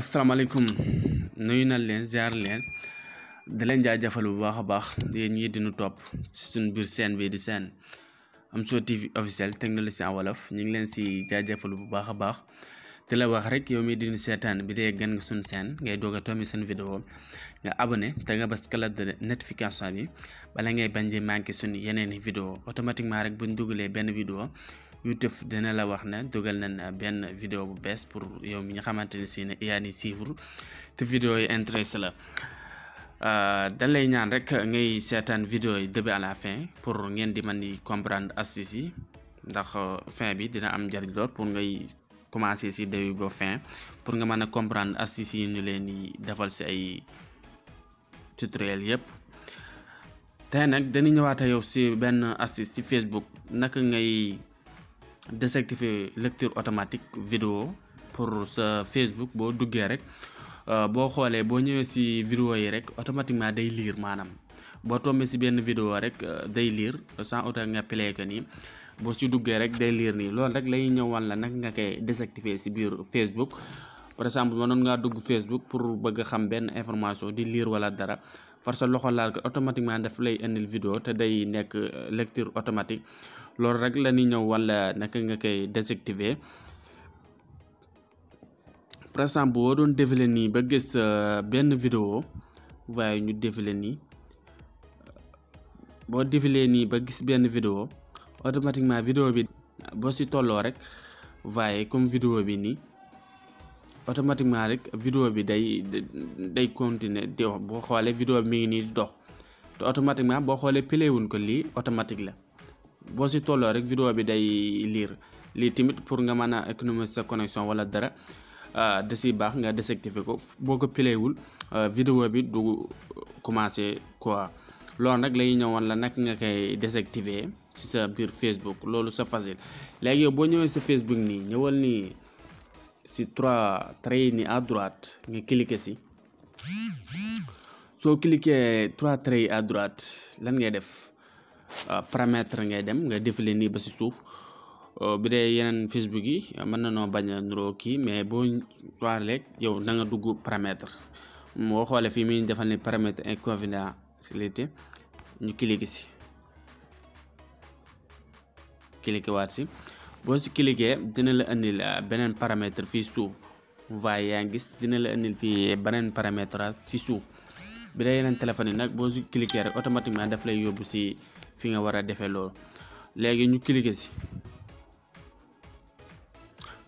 asalaamaaleykum nuyu na leen ziar leen di leen jaajëfal bu baax a baax yéen ñii di nu topp ci suñu biir seen bii di seen Amsatou TV officiel technologie en wolof ñu ngi leen si jaajëfal bu baax a baax di la wax rek yow mi di nu seetaan bi dee gën nga suñu seen ngay doog a tombi seen vidéo nga abone te nga bas cloche de notification bi bala ngay bañ di manqué suñu yeneen vidéo automatiquement rek buñ dugalee benn vidéo YouTube dina la wax ne dugal nañ euh, benn vidéo bu bees pour yow mi nga xamante ne si ne yaa ni suivre te vidéo yi intéressé la euh, dañ lay ñaan rek ngay seetaan vidéo yi début à la fin pour ngeen di man di comprendre astuce yi ndax euh, fin bi dina am njëriñ pour ngay commencer si ba fin pour nga mën a comprendre astuce yi ñu leen di defal si ay tutoriel yëpp. tey nag dañu ñëwaat yow si benn astuce ci Facebook naka ngay désactiver lecture automatique video pour sa Facebook boo duggee rek euh, boo xoolee boo ñëwee si vidéo yi rek automatiquement day lire maanaam boo tombee si benn vidéo rek euh, day liir sans auto nga play ko nii boo si duggee rek day lire nii loolu rek lay ñëwal la nag nga koy désactiver si biir Facebook par exemple mënoon ngaa dugg Facebook pour bëgg xam benn information di liir wala dara far sa loxo laal ko automatiquement daf lay indil vidéo te day nekk euh, lecture automatique loolu rek la ñuy ñëw wala naka nga koy désactiver par exemple boo doon défilé nii ba gis euh, benn vidéo waaye ñu défilé nii boo défilé nii ba gis benn vidéo automatiquement vidéo bi boo si tolloo rek waaye comme vidéo bi nii automatiquement rek vidéo bi day day continuer di boo xoolee vidéo bi mi ngi nii dox te automatiquement boo xoolee pile wuñ ko lii automatique la boo si tolloo rek vidéo bi day liir lii tamit pour nga mën a économiser sa connexion wala dara euh, da si baax nga désactiver ko boo ko pileewul euh, vidéo bi du commencé quoi loolu nag lay ñëwoon la nag nga koy désactiver si sa biir Facebook loolu sa facile léegi boo ñëwee sa Facebook nii ñëwal nii si trois traits ni à droite nga cliquer si soo cliquer trois traits à droit lan ngay def Euh, paramètre ngay dem nga défile nii ba si suuf euh, bi dee yeneen Facebook yi mën na noo bañ a nuroo kii mais boo soir yow na nga paramètre moo xoolee fii muy defal ni paramètre inconfidentialité ñu cliqué si cliqué si boo si cliqué dina la indil euh, beneen paramètre fii suuf waaye yaa ngi gis dina la indil fii beneen paramètre si suuf bi dee yeneen téléphone yi nag boo si cliqué rek automatiquement def lay yóbbu si fi nga war a defee loolu léegi ñu cliquer si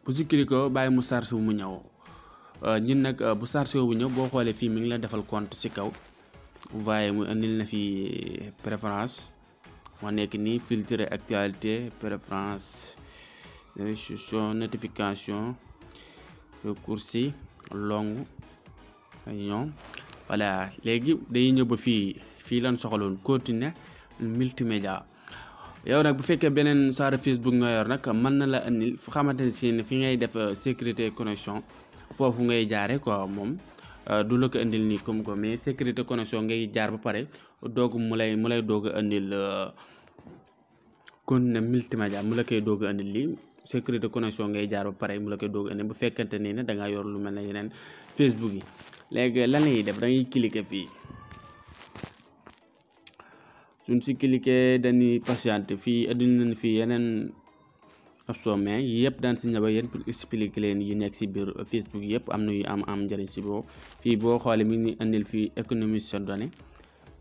bu si cliquer bàyyi mu chargé wu mu ñëw ñun euh, nag euh, bu chargé wu ñëw boo xoolee fii mi ngi la defal compte si kaw waaye mu indil na fi préférence moo nekk nii filtre actualité préférence restitution notification recours yi longue ñoom voilà léegi dañuy ñëw fii fii lan soxaloon continuer multimédia yow nag bu fekkee beneen saara Facebook nga yor nag mën na la indil fu xamante ne si fi ngay def euh, sécurité connexion foofu ngay jaare quoi moom euh, du la ko indil nii comme mais sécurité connexion ngay jaar ba pare doog mu mu lay doog a indil kon euh, ne multimédia mu la koy doog a indil lii sécurité connexion ngay jaar ba pare mu la koy doog a bu fekkente nii ne da ngaa yor lu mel na yeneen Facebook yi léegi lan la ñuy def da ngay fii. suñ si cliquer dañuy patiente fii addil lañu fii yeneen option mais yëpp daan si ñaba yéen pour expliquer leen yi nekk si biir Facebook yëpp am na yu am am njëriñ si boo fii boo xoolee mi ngi indil fii économie sa données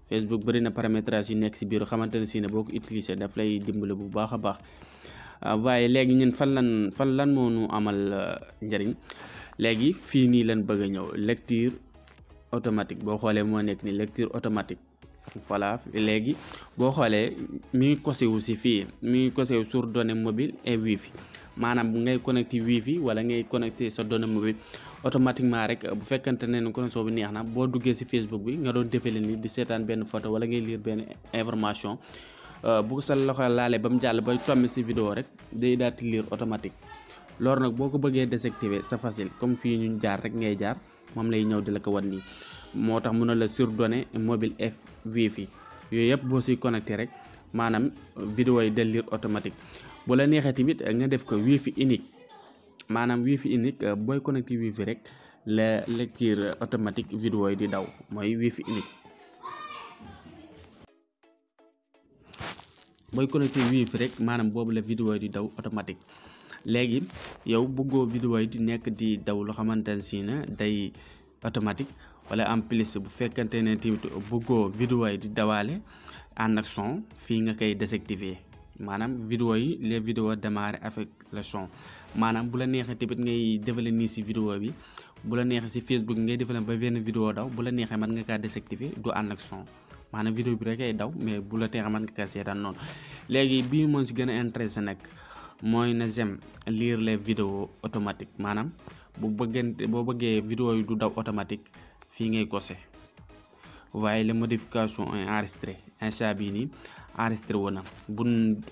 Facebook bëri na paramétrage yi nekk si biir xamante ne si ne boo ko utiliser daf lay dimbale bu baax a baax ah, waaye léegi ñun fan lañ fan lan moo amal euh, njariñ léegi fii nii lan bëgg a ñëw lecture automatique boo xoolee moo nekk ni lecture automatique voilà léegi boo xoolee mi ngi kosewu si fii mi ngi kosewu sur données mobile et fi maanaam ngay connecté wifi wala ngay connecté sa donnée mobile automatiquement rek bu fekkante ne ne connexion bi neex na boo duggee si Facebook bi nga doon defale ni di seetaan benn photo wala ngay liir benn information euh, bu sa loxo laalee ba mu jàll ba tombe si vidéo rek day daal di lire automatique loolu nag boo ko bëggee désactiver c'est facile comme fii ñu jaar rek ngay jaar moom lay ñëw di la ko wan nii moo tax mun a la surdonné mobile f fi yooyu yëpp boo si connecté rek maanaam vidéo yi del lire automatique bu la neexee tamit nga def ko fi unique maanaam fi unique euh, booy connecté wifi rek la lecture automatique vidéo di daw mooy wifi unique booy connecté wifi rek maanaam boobu la vidéo yi di daw automatique léegi yow bëggoo vidéo yi di nekk di daw loo xamante ne si na day automatique wala en plus bu fekkante ne tamit bëggoo vidéo yi di dawaale ànd ak son fii nga koy désactiver maanaam vidéo yi les vidéos démarrer avec le son maanaam bu la neexee tamit ngay développer nii si vidéo bi bu la neexee si Facebook ngay développer ba benn vidéo daw bu la neexee mën nga kaa désactiver du ànd ak son maanaam vidéo bi rek ay daw mais bu la neexee mën nga kaa seetaan noonu léegi bii moo si gën a intéressé nag mooy na j'aime lire les video automatiques maanaam bu bëggante boo bëggee vidéo yi du daw automatique fii ngay cose waaye la modification est enregistré instant bii nii enregistré woon na buñ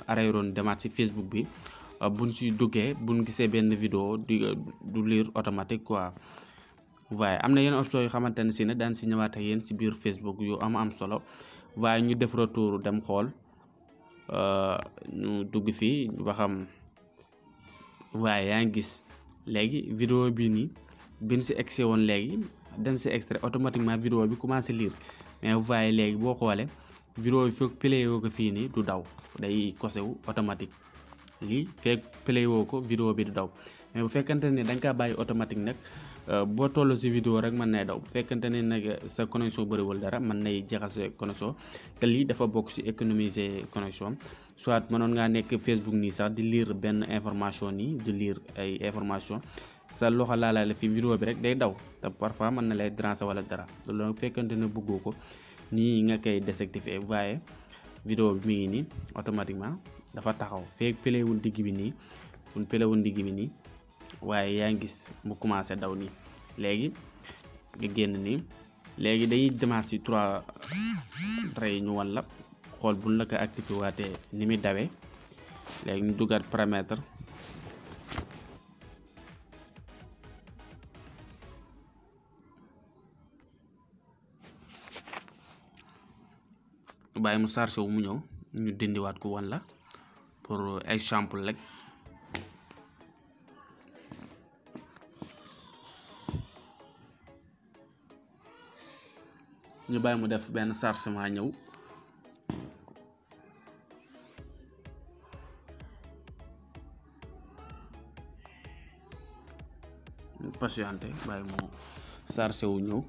arrêté demaat ci Facebook bi euh, buñ ci duggee buñ gisee benn vidéo du liir automatique quoi waaye am na yenn option yu xamante ne si ne daan si ñëwaat ak yéen si biir Facebook yu am am solo waaye ñu def retour dem xool euh, ñu dugg fii waxam waaye yaa ngi gis léegi vidéo bii nii bin si egsi woon léegi dem si extrait automatiquement vidéo bi commencé lire mais vous voyez léegi boo xoolee vidéo bi fekk play ko fii nii du daw day kosewu automatique lii fekk woo ko vidéo bi daw mais bu fekkante ne da nga kaa bàyyi automatique nag euh, boo toll si vidéo rek mën nay daw bu fekkante ne nag sa connexion bëriwul dara mën nay jaxase connexion te lii dafa bokk si économiser connexion soit mënoon ngaa nekk Facebook nii sax di liir benn information nii di liir ay information sa loxo laalaale fi vidéo bi rek day daw te parfois mën na lay déranger wala dara loolu fekkante ne bëggoo ko nii nga koy désactiver waaye vidéo bi mi ngi nii automatiquement dafa taxaw feeg pelewul digg bi nii mun pelewul digg bi nii waaye yaa ngi gis mu commencé daw nii léegi nga génn nii léegi dañuy demaat ci trois traits ñu wan la xool buñ la ko activé waatee ni muy dawee léegi ñu dugaat paramètre bàyyi mu chargé wu mu ñëw ñu dindiwaat ko won la pour exemple rek ñu bàyyi mu def benn chargement ñëw patienté bàyyi mu chargé ñëw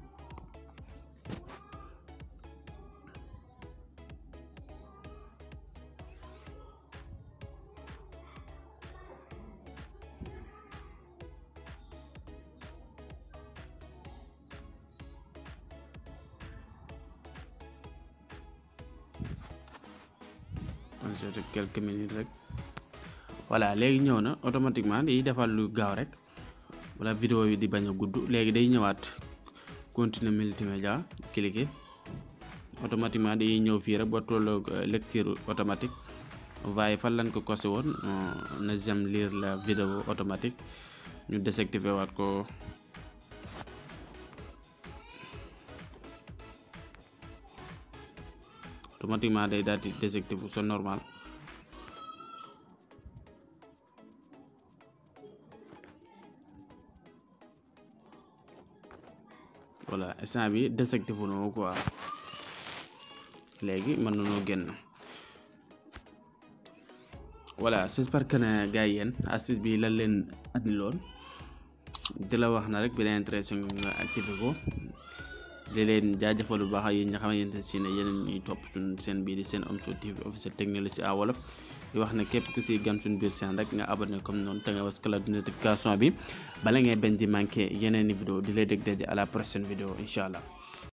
enregistré quelques minutes rek voilà léegi ñëw na automatiquement day defal lu gaaw rek wala vidéo yi di bañ a gudd léegi day ñëwaat continuer multimédia cliquer automatiquement day ñëw fii rek ba tolloog euh, lecture automatique waaye fan lañ ko kose woon na j'aime liir la vidéo automatique ñu désactiver waat ko automatiquement day daal di désactivé wu c'est normal voilà instant bi désactivé wu quoi léegi mën nañoo génn voilà j'espère que ne gars yi yéen bi lan leen andiloon di la wax na rek bi la intéressé nga activé di leen jaajëfal bu baax ak yéen nga xamante ne si ne yeneen topp suñ seen bii di seen Omzo TV officiel technologie à wolof di wax na képp ku si gan suñ biir seen rek nga ne comme noonu te nga was cloche de notification bi bala ngay benn di manqué yeneen i vidéo di lay dégg daje à la prochaine vidéo incha allah.